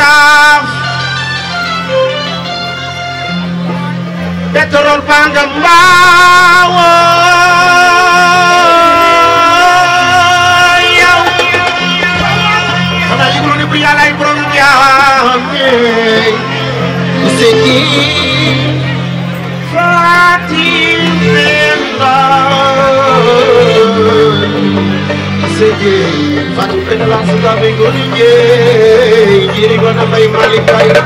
taaf pétrole baa nga mbaawo Satu penelak sudah minggu ni Jiri kau nak main balik kayu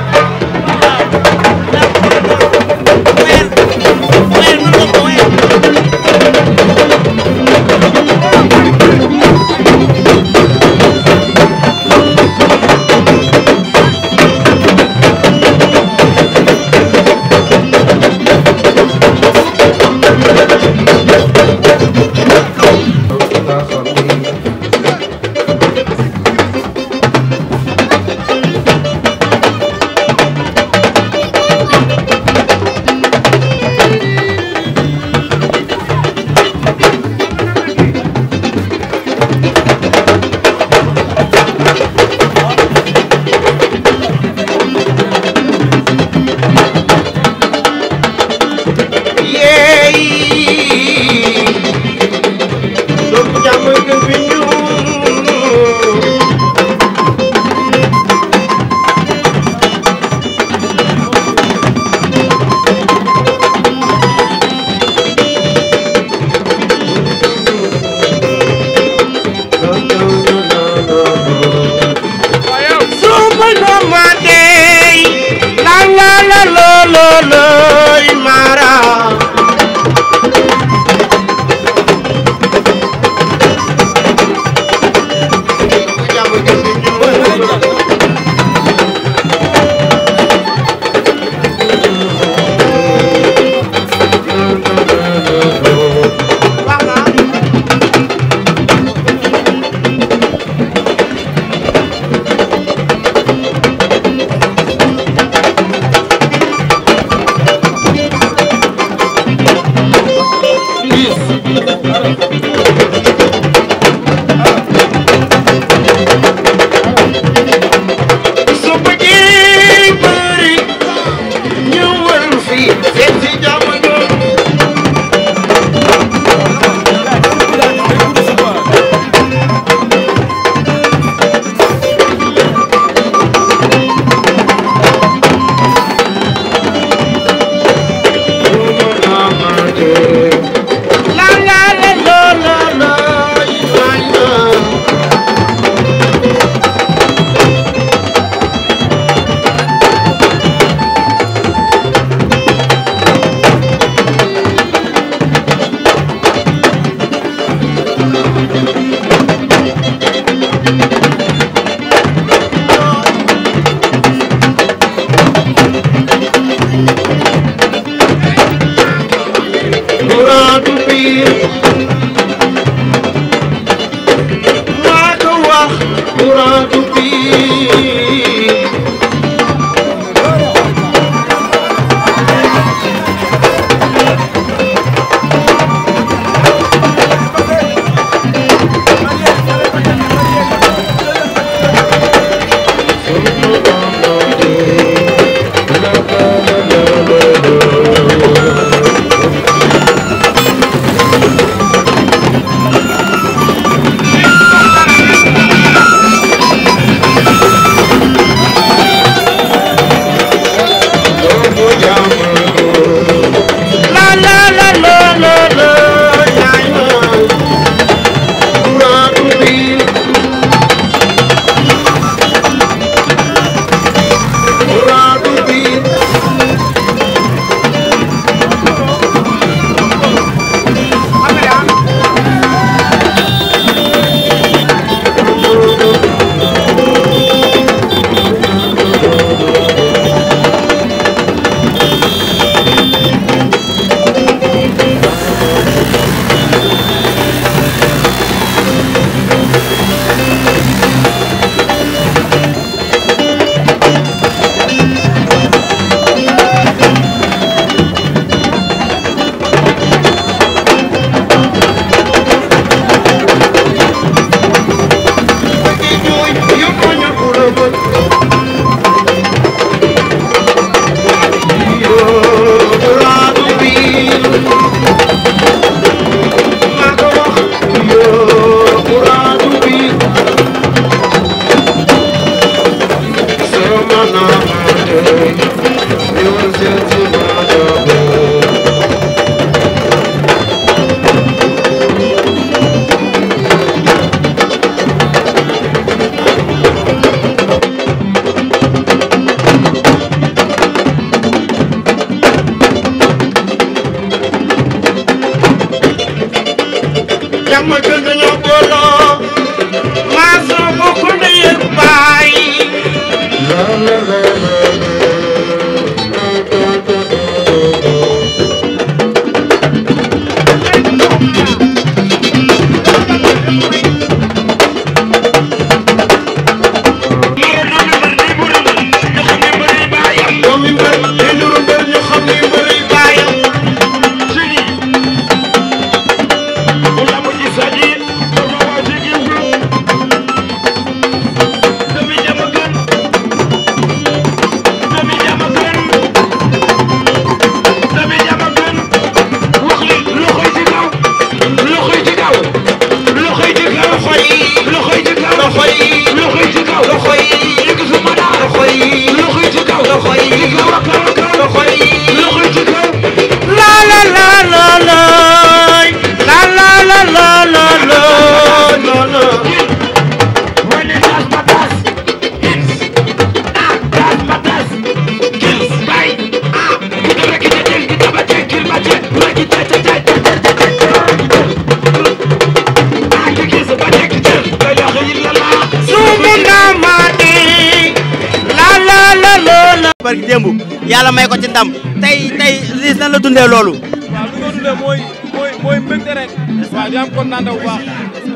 yàlla may ko ci ndam tey tey Liss nan la dundee loolu. waaw li ma dundee mooy mooy mooy mbégte rek. waaw di am kontaan bu baax.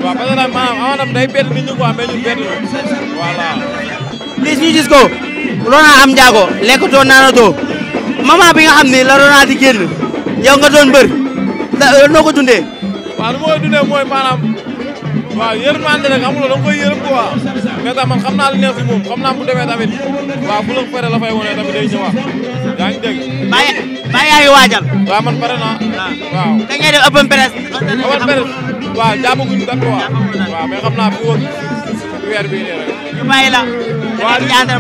waaw parce que nag bi nga xam ne la Rona di génn yow nga doon mbër noo ko dundee. waaw li dundee mooy maanaam. waaw yërmande rek amul da nga koy yërëm quoi mais tax man naa li neex si moom naa bu demee tamit waaw bu la la fay wone tamit day ñëwaat yaa ngi dégg. bàyyi bàyyi yaa ngi waajal. waaw man pare naa. waaw da ngay def open press. open press waaw jàppaguñu dara quoi. waaw mais xam naa bu woon weer bii nii rek. ñu bàyyi la. waaw li nga def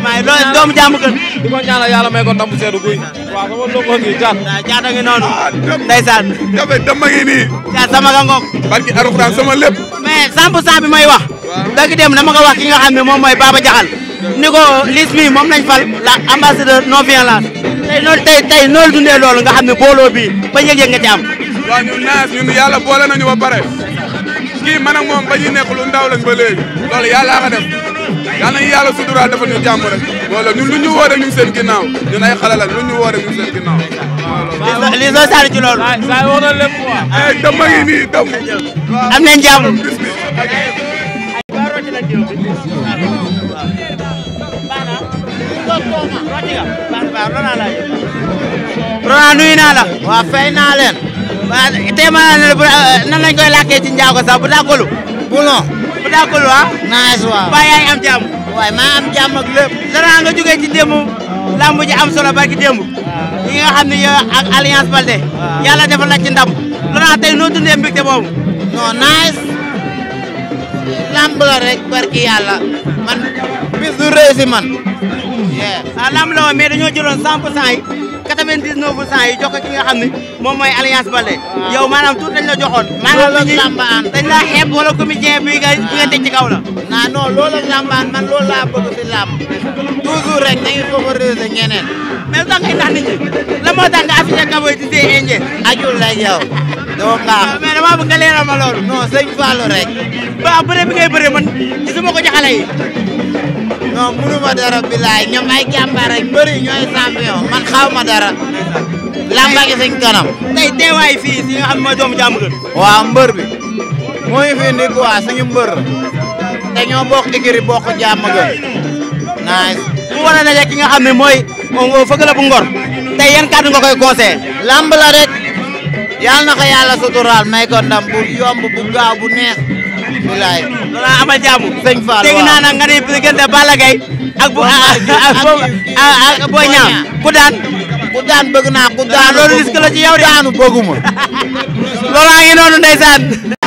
doomu jàmm gën. di ko ñaanal yàlla may ko ndam bu seedu guy. waaw sama logo gi Thiat. waaw Thiat a ngi noonu. Ah, ndeysaan. mais eh, 100% bi may wax. waaw dem dama ko wax ki nga xam ne moom mooy Baba Diakhal. ni ko liste bi moom lañ fal la ambassadeur non violence. tey noonu tey tey noonu dundee loolu nga xam ne booloo bi ba yëg-yëg nga ci am. waaw ñun naas ñun yàlla boole nañu ba pare. kii man moom ba ñuy nekk lu ndaw lañ ba léegi. loolu yàlla ko yal nañu yàlla suturaal dafa ñu jàmm rek wala lu ñu woo rek ñu ngi seen lu ñu woo rek ñu ngi seen ginnaaw. waaw li soo saal ci loolu. waaw saa yoo lépp quoi. itam eh, ma ngi nii naa la. waaw fay naa leen. waaw téeméer naa ne euh, nan lañ koy làkkee ci njaago sax bu dàggalu. daa ko lu ah. nice waaw ba yaa ngi am jàmm. waaye maa am jàmm ak lépp. Zora nga jógee ci démb. lamb am solo barki démb. waaw yi nga xam ne ak alliance Balde. waaw yàlla la ci ndam. tey noo dundee mbégte boobu. non nice. lamb la rek barki man bis du man. ah lamb la woon mais dañoo jëloon 100% 99 pour cent yi jox ko ki nga xam ne moom mooy alliance Baldé yow maanaam tuut dañ la joxoon maanaam loolu lambaan dañ la xeeb wala comédien bi nga bi nga teg ci kaw la non non loolu lambaan man loolu laa bëgg fi làmb rek nañu favoriser ñeneen mais da ngay nax nit ñi la moo tax nga kaboy di dee indé ajul la yow doo baax mais dama bëgg nga leeral ma loolu non sëñ Fallou rek ba bëre bi ngay bëre man gisuma ko ci xale non munu ma dara bilaay ñoom ay jàmbaar ak bëri ñooy champion man xaw ma lamba gi kanam. tey teewaay fii si nga xam mooy doomu jàmm mbër bi. moo ñu fi indi quoi suñu mbër te ñoo bokk écurie bokk jàmm gën. nice. mu war a daje ki nga xam ne mooy fëgg la bu ngor. tey yan kàddu nga koy conseillé. lamb la rek. na ko yàlla suturaal may ko bu yomb bu gaaw bu neex bilaay. wala ah, amal jàmm. sëñ Fall waaw dégg naa nag nga ne diggante Balla Gaye ak bu ak ah, ak ah, Boy Niang ku daan. ku daan bëgg naa ku daan loolu risque la ci yow de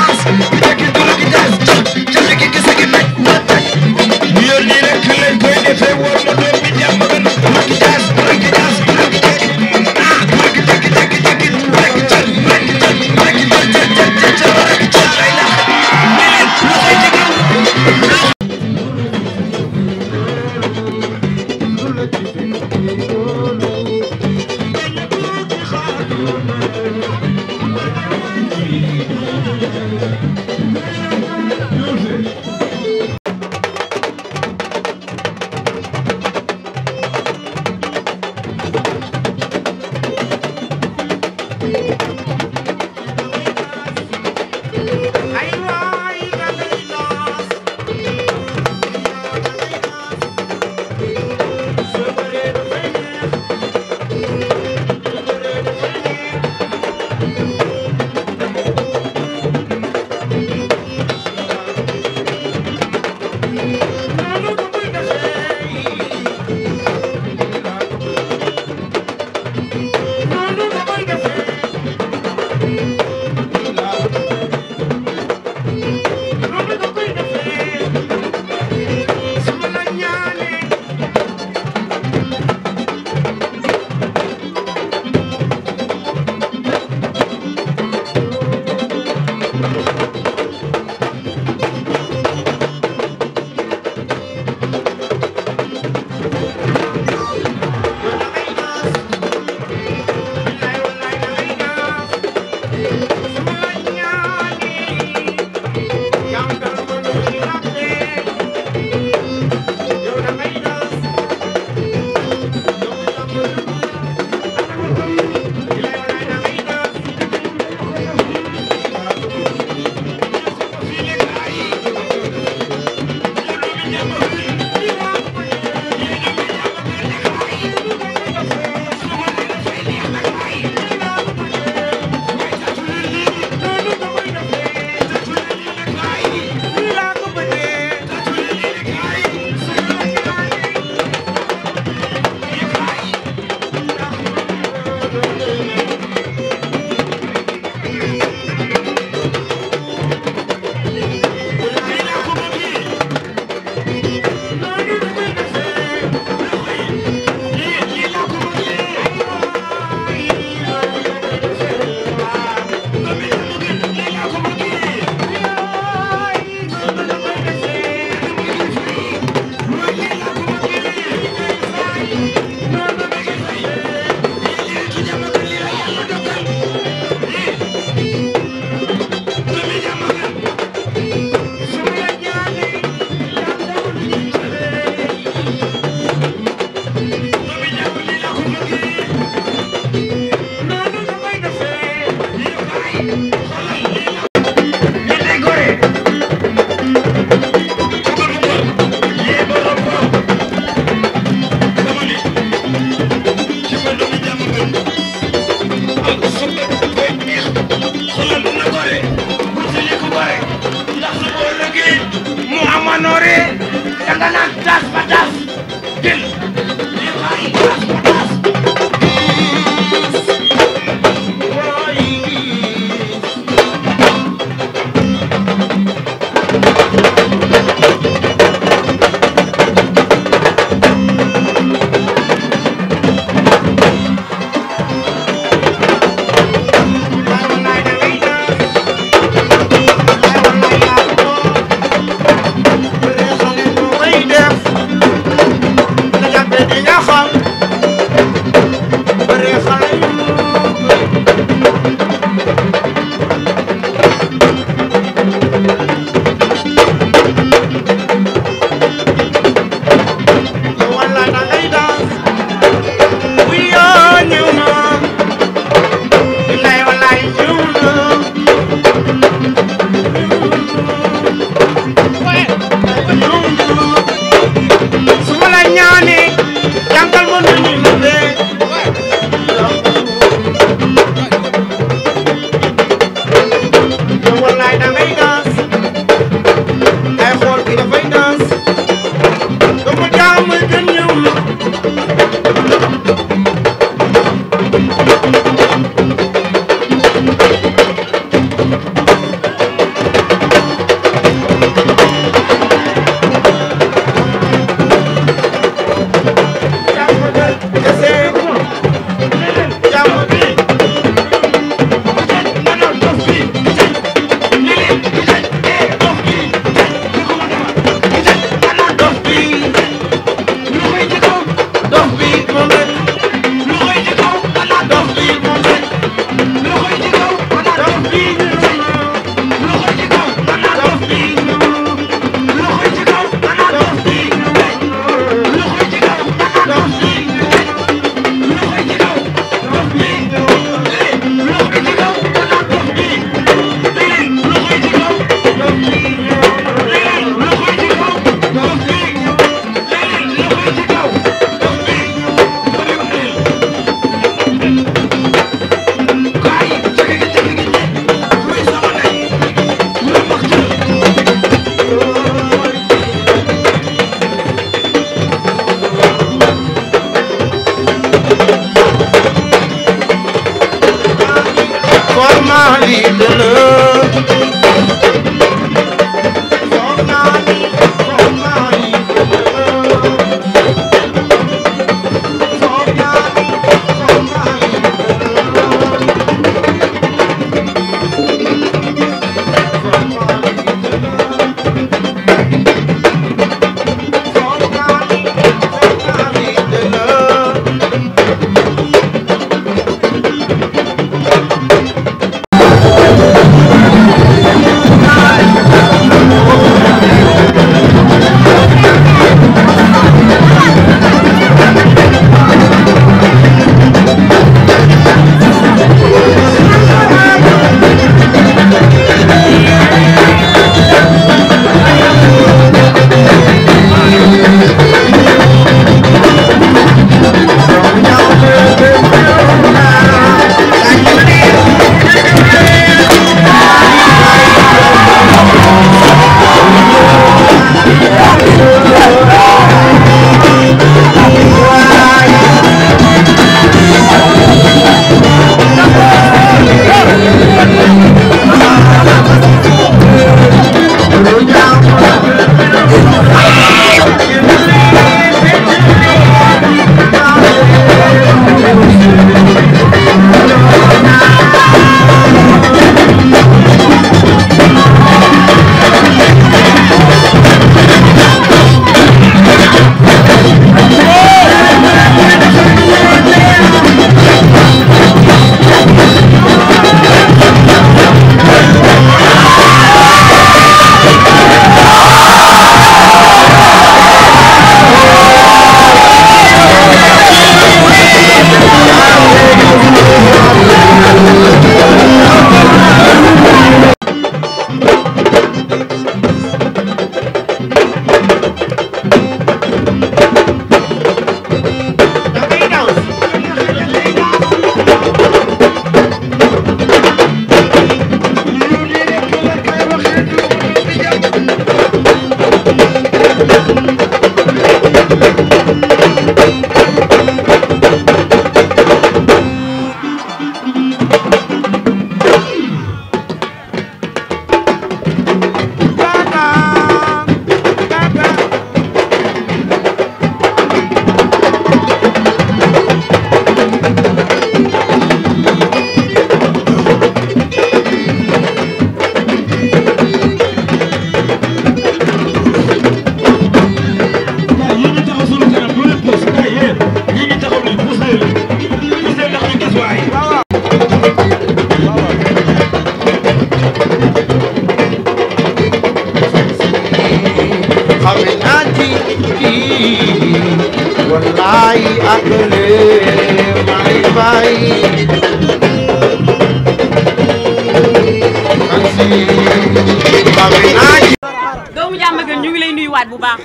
bu baax.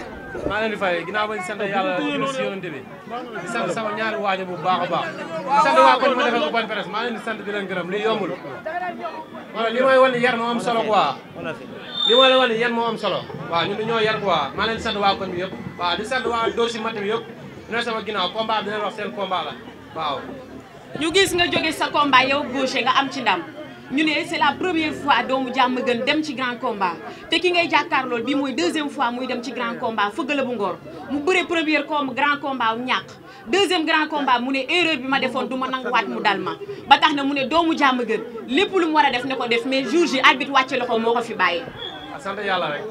maa leen di fay ginnaaw bañ sant yàlla si yonente bi di sant sama ñaari waajo bu baax a baax di sant waa koñ ma defal ko bonne presse maa leen di sant di leen gërëm li yombul wala li mooy wan ni yar moo am solo quoi li mooy wan ni yar moo am solo waaw ñun dañoo yar quoi maa leen di sant waa koñ bi yëpp waaw di sant waa doosi matt bi yëpp dina sama ginnaaw combat bi dina wax seen combat la waaw ñu gis nga jóge sa combat yow Gaucher nga am ci ñu ne c'est la première fois doomu jàmm gën dem ci grand combat te ki ngay jàkkaar lool bii mooy deuxième fois muy dem ci grand combat fëggala bu ngor mu bëre premier com grand combat wu ñàkk deuxième grand combat mu ne erreur bi ma defoon du ma nanguwaat mu dal ma ba tax na mu ne doomu jàmm gën lépp lu mu war a def ne ko def mais jour ji arbitre wàcce loxo moo ko fi bàyyi ah, sant yàlla rek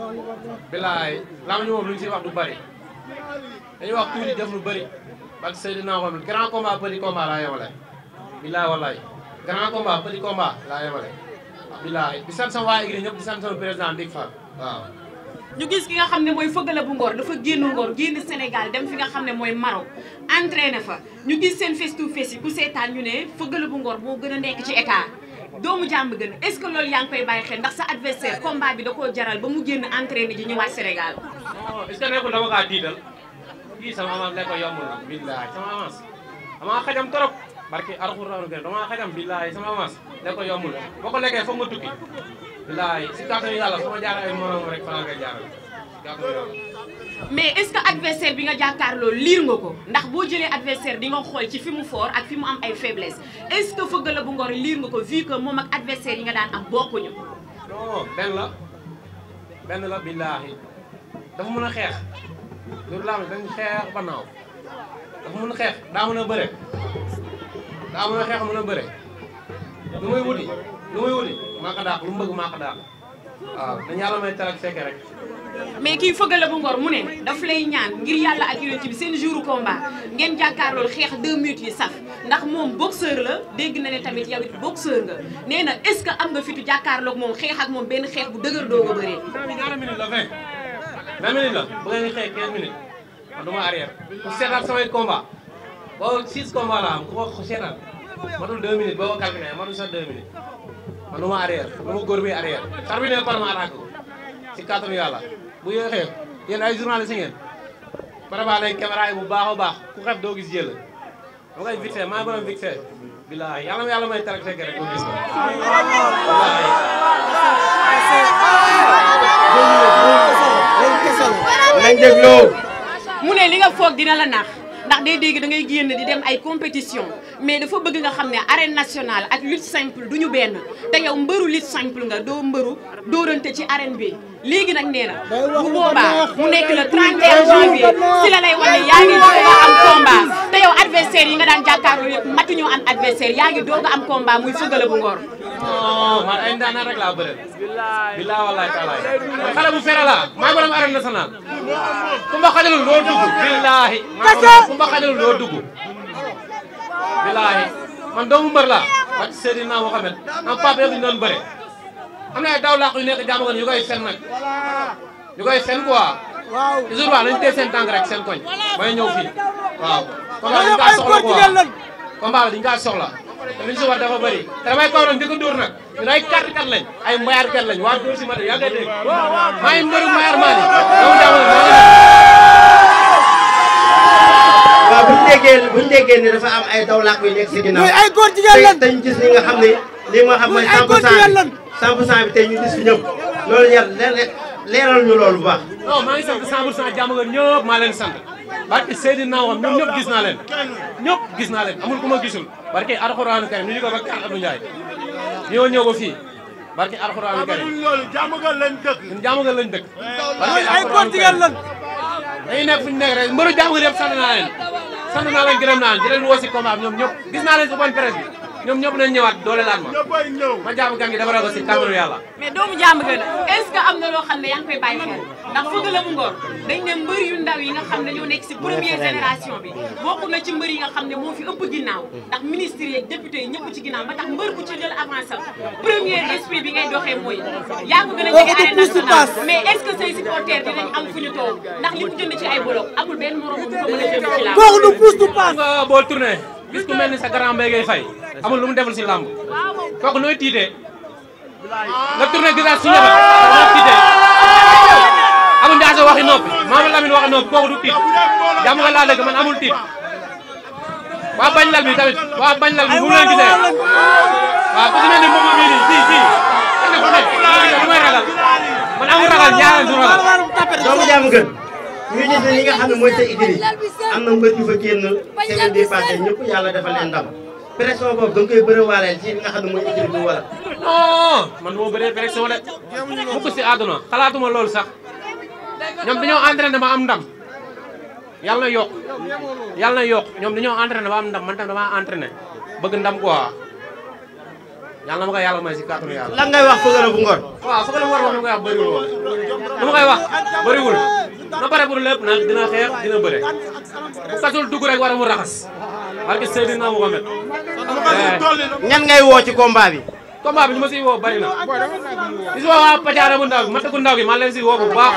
bilaay laa ñu moom lu ñu siy wax du bëri dañuy wax def lu bëri parce que Seydina Mohamed grand combat petit combat laa yow la bilaay grand combat petit combat laa yemale. bilaay di sant sama waa Igri ñëpp di sant sama président Dick Fall waaw. ñu gis ki nga xam ne mooy Feugeula bu Ngor dafa génn Ngor génn Sénégal dem fi nga xam ne mooy Maroc ne fa ñu gis seen face to face yi ku seetaan ñu ne Feugeula bu ngoor boo gën a nekk ci état doomu jàmm gën est-ce que loolu yaa ngi koy ndax sa adversaire combat bi da koo jaral ba mu génn entraîné ji ñëwaat Sénégal. non est-ce que nekkul dama kaa diital kii sama avance la ko yombul. bilaay sama avance amaa xajam barki alxuraanu gën dama xajam billaay sama avance ne ko yombul boo ko lekkee foog nga tukki billaay si kàttanu yàlla su ma jaar ay moroom rek mais est-ce que bi nga jàkkaarloo liir nga ko ndax boo jëlee adversaire di nga xool ci fi mu fort ak fi mu am ay faiblesse est-ce que Feugeula bu Ngor liir nga ko vu que moom ak adversaire yi nga daan am bokkuñu. non benn la benn la billaahi dafa mën a xeex loolu laa mel dañ xeex dafa mën a xeex daa mën a bëre. daa mën a xeex mën a bëre lu muy wuti lu muy wuti maa ko daax lu mu bëgg maa waaw dañu yàlla may tarak fekke rek mais kii fëggale bu ngor mu ne dafa lay ñaan ngir yàlla ak yonent bi seen jour combat ngeen jàkkaarlool xeex deux minutes yi saf ndax moom boxeur la dégg na ne tamit yow it boxeur nga nee na est-ce que am nga fitu jàkkaarloog moom xeex ak moom benn xeex bu dëgër doo ko bëree. ñaata minute la 20. 20 minutes xeex 15 minutes man du ma pour boo six combats la am ku ma seetaan matul deux minutes boo ko calculé matul sax deux minutes ma arrière nu ma góor bi arrière sar bi ne par ma attaque ko si kàttanu yàlla bu yéexee yéen ay journaliste ngeen préparé lay caméra yi bu baax a baax ku xef doo gis jël ma koy vite maa ngi borom vite bilaay yàlla yàlla may tarak fekk rek mu ne li nga dina la nax ndax day dégg da ngay génn di dem ay compétition mais dafa bëgg nga xam ne arène nationale ak lutte simple duñu benn te yow mbëru lutte simple nga doo mbëru dóorante ci arène bi léegi na nee na bu boobaa mu nekk le 31 janvier si la lay wane yaa ngi doog a am combat te yow adversaire yi nga daan jàkkaarloo yëpp matuñoo am adversaire yaa ngi doog a am combat muy fëgale bu ngor. non man ay ndaanaan rek laa bëre. billaa wallaahi taalaay man xale bu fere laa maa ngi doon arène nationale. ku ma xajalul doo dugg. billaahi maa ma xajalul doo dugg. billaahi man doomu mbër laa. parce que Seydina Mohamed am papa ñu doon bëre. am na ay daw laax yu nekk jàmm yu koy fen nag yu koy fen quoi. waaw toujours waaw nañu téye seen tànk rek seen koñ. bay ñëw fii waaw. combat bi dañu kaa soxla quoi combat bi dañu kaa soxla. te li ñu si war dafa bëri te damay kaw doon di ko dóor nag ñun ay kàtt kat lañ ay mbayaar kat lañ waa dóor si ma de yaa ngi dégg maa ngi mbëru mbayaar maa di doomu jàmm maa ngi waaw bu ñu déggee bu ñu déggee ne dafa am ay dawlaak yu nekk si ginnaaw. muy ay góor jigéen lan te ñu gis li nga xam ne li nga xam mooy 100% 100 pour cent bi tey ñu gis fi ñëpp loolu yàlla leeral ñu loolu bu baax. non maa ngi sant 100 pour cent jàmm nga ñëpp maa leen sant barke Seydina Muhammad ñoom gis naa leen ñëpp gis naa leen amul ku ma gisul barke alxuraanu karim ñu ñu ko ba Kër Abdou Ndiaye ñoo ñëw ba fii. barke alxuraan karim amuñu loolu jàmmagal lañ dëkk. ñun jàmmagal lañ dëkk. barke ay portugais lan. dañuy nekk fu ñu nekk rek mbëru jàmmagal yëpp naa leen sant naa leen gërëm naa leen di leen woo ñoom ñëpp gis naa leen si bonne ñoom ñëpp nañ ñëwaat doole laan ma ma jàmm gan gi dafa ragal si tàmbalu yàlla mais doomu jàmm gën a est-ce que am na loo xam ne yaa ngi koy bàyyi xel ndax fëgg la mu ngoor dañ ne mbër yu ndaw yi nga xam ne ñoo nekk si première génération bi bokk na ci mbër yi nga xam ne moo fi ëpp ginnaaw ndax ministre yeeg député yi ñëpp ci ginnaaw ba tax mbër ku ci jël avancé premier esprit bi ngay doxee mooy yaa ko gën a jege arène nationale mais est-ce que say supporters dinañ am fu ñu toog ndax li mu jënd ko mën a jënd ci gis ku mel ni sa grand mbay ngay fay amul lu deful si làmb kooku nooy tiitee nga tourné gisaat si ñebe nooy tiitee amul ndaase waxi noppi Mamadou waxi noppi kooku du tiit jàmm nga man amul tiit waa bañ lal bi waa bañ lal bi bu leen gisee ku si mel ni moom mii nii fii fii kenn ku ne lu may man amul ragal ñaareel du ñu gis ne li nga xam mooy say Idriss am na ma yu fa génn semaine bi passé ñëpp yàlla dafa leen ndam pression boobu da nga koy bëriwaaleel ci li nga xam ne mooy Idriss bi wala. non man moo bëree pression de mukk si àdduna xalaatuma loolu sax ñoom dañoo entraîné ma am ndam yàlla na yokk yàlla na yokk ñoom dañoo entraîné ba am man tam damaa entraîné bëgg ndam quoi yàlla na ma koy si kàttanu yàlla. lan ngay wax Feugeula bu Ngor. Ngor wax na ma koy wax bëriwul woon. lu ma wax bëriwul. na pare pour lépp nag dina xeex dina bëre bu kasul war a mu raxas barke Seydina Muhammad ñan eh. woo ci combat bi combat bi ñu ma siy woo bari na di si woo waa Pacaara bu ndaw bi matagu ndaw bi maa leen siy woo bu baax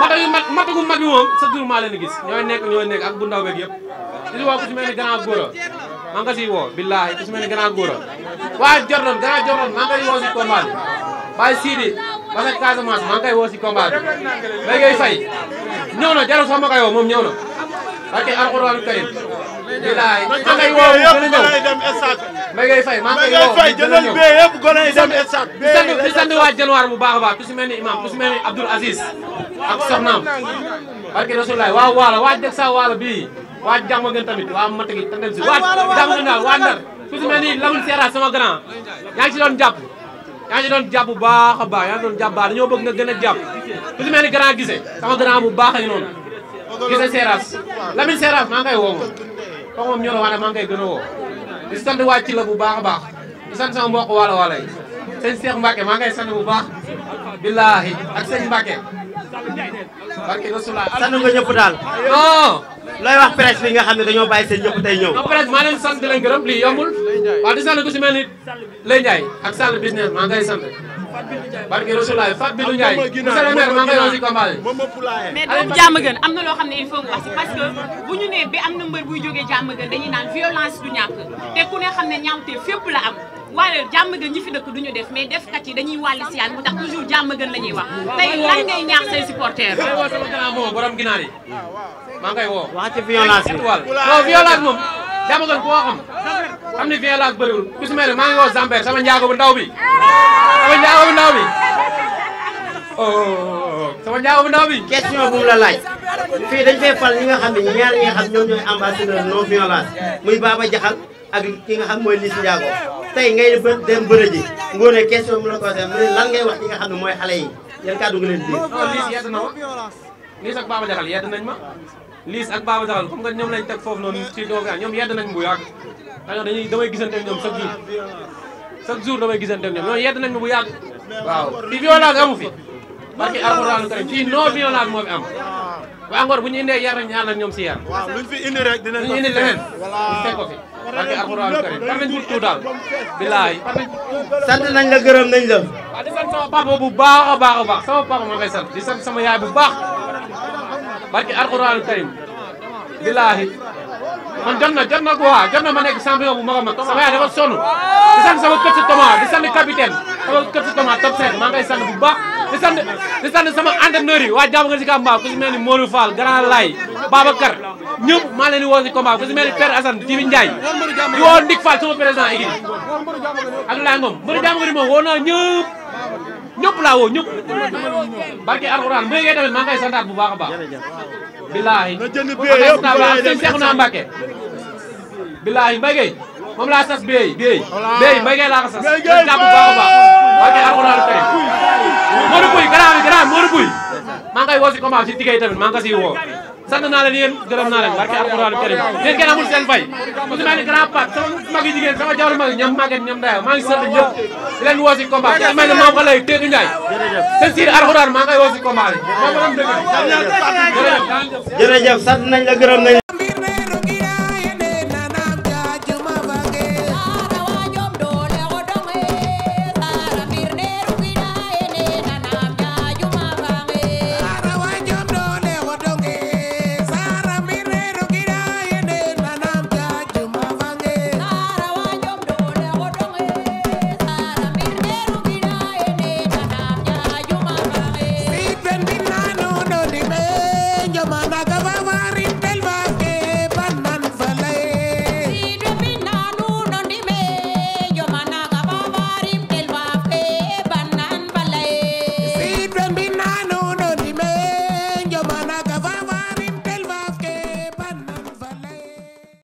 matagu mag matagu mag bi moom sa jour maa leen gis ñooy nekk ak bu ndaw beeg yëpp di woo ku si mel ni grand góora maa woo billaahi ku si mel ni grand góora waa Jordan grand Jordan maa woo si combat Baye Sidi ba nekk Casamance maa ngi koy woo si combat bi léegi ngay fay ñëw na jarul sax ma koy woo moom ñëw na parce que alxuraan karim bilaay maa ngi koy woo gën a fay maa ngi koy woo gën a ñëw di sant di sant waa Januar bu baax a baax ku si mel ni imam ku si mel ni Abdoul ak soxnaam parce que rasulaay waa waala waa deg sa waala bii waa jàmm gën tamit waa matagi tandem si waa jàmm gën daal waa ndar ku si mel ni Lamine Seera sama grand yaa ngi si doon jàpp yaa ngi doon jàpp bu baax a baax yaa ngi doon jàpp baax dañoo bëgg nga gën a jàpp ku si mel ni grand gise sama grand bu baax a ngi noonu gise Seras Lamine Seras maa ngi koy woo moom kooku moom ñoo la wax ne maa ngi koy gën a woo di sant waa ci la bu baax a baax di sant sama mbokk wala wala yi sëñ Cheikh Mbacke maa ngay sant bu baax billaahi ak sëñ Mbacke barke Rasulullah sant nga ñëpp daal non looy wax presse bi nga xam ne dañoo bàyyi seen ñëpp tey ñëw non presse maa leen sant di gërëm Lay Ndiaye ak Sall business maa ngay sant. barke Rasulaay Fat Bintou Ndiaye monsieur le maire maa ngay wax ci combat mais bu ñu nee bi am na mbër buy jógee jàmm gën dañuy naan violence du ñàkk te ku ne xam ne ñaawte fépp la am. waaye jàmm gën ñi fi dëkk duñu def mais defkat yi dañuy wàlli si yàlla mu tax toujours jàmm gën la wax tey lan ngay ñaax say supporters. waaw waaw ah, waaw. maa ngi woo. wax ci violence bi non violence moom. Diamaguène koo xam xam ni violence bëriwul ku si maa ngi woo Zambère sama njaago bu ndaw bi sama njaago bu ndaw bi oh, oh, oh, sama ndaw bi. question bu mu la laaj fii dañ fay fal ñi nga xam ne ñaar ñi nga xam ñoom ñooy ambassadeur non violence muy Baba Diakhal ak ki nga xam mooy Liss Ndiago tey ngay dem bëre ji ngoone question bu la ko waxee lan ngay wax ki nga xam ne mooy xale yi yan kàddu nga leen di. kon Liss yedd na ma Liss ma. liis ak Baba Jaxal comme que ñoom lañ teg foofu noonu ci doomu yaa ñoom yedd nañ bu yàgg xanaa dañuy damay gisante ak ñoom chaque jour chaque jour damay gisante ak ñoom ñoom yedd nañ bu yàgg waaw fi violence amu fi parce que alxuraanu karim fii non violence moo fi am waa Ngor bu ñu indee yar ñu àndal ñoom si yar waaw luñ fi indi rek dinañ ko indi teg ko fi parce que alxuraanu karim par nañ pour tout daal bilaay sant nañ la sama papa bu baax a baax sama papa ma koy sant bu baax barki alxuraanu karim billaahi man jot na jot na waa jot na ma nekk champion bu mag a mag sama yaay dafa sonn di sama kër si di sama kër si Thomas top 5 maa bu baax di sama entraîneur yi waa jàmm nga si combat ku si mel ni Modou Fall Grand Lay maa leen di woo si combat ku si mel ni Père woo Ndik Fall sama président équipe ak Laye Ngom mbëru jàmm nga ni moom woo naa ñëpp ñëpp laa woo ñëpp barke alxuraan bu yeggee tamit maa ngi koy santaat bu baax a baax billaahi sëñ Seexuna Mbàkke billaahi mbagey moom laa sas beey beey beey mbagey laa ko sas santaat bu baax a baax barke alxuraan kay Modou Pouye garaaw bi tamit maa ngi sant naa leen yéen gërëm naa leen barke alxuraan karim fay ku si mel sama mag yi jigéen sama jawru mag ñam màgget ñam daya maa si combat ku si mel ni maam xale yi Teedu Njaay seen siir alxuraan maa ngay woo si combat bi jërëjëf sant nañ la gërëm nañ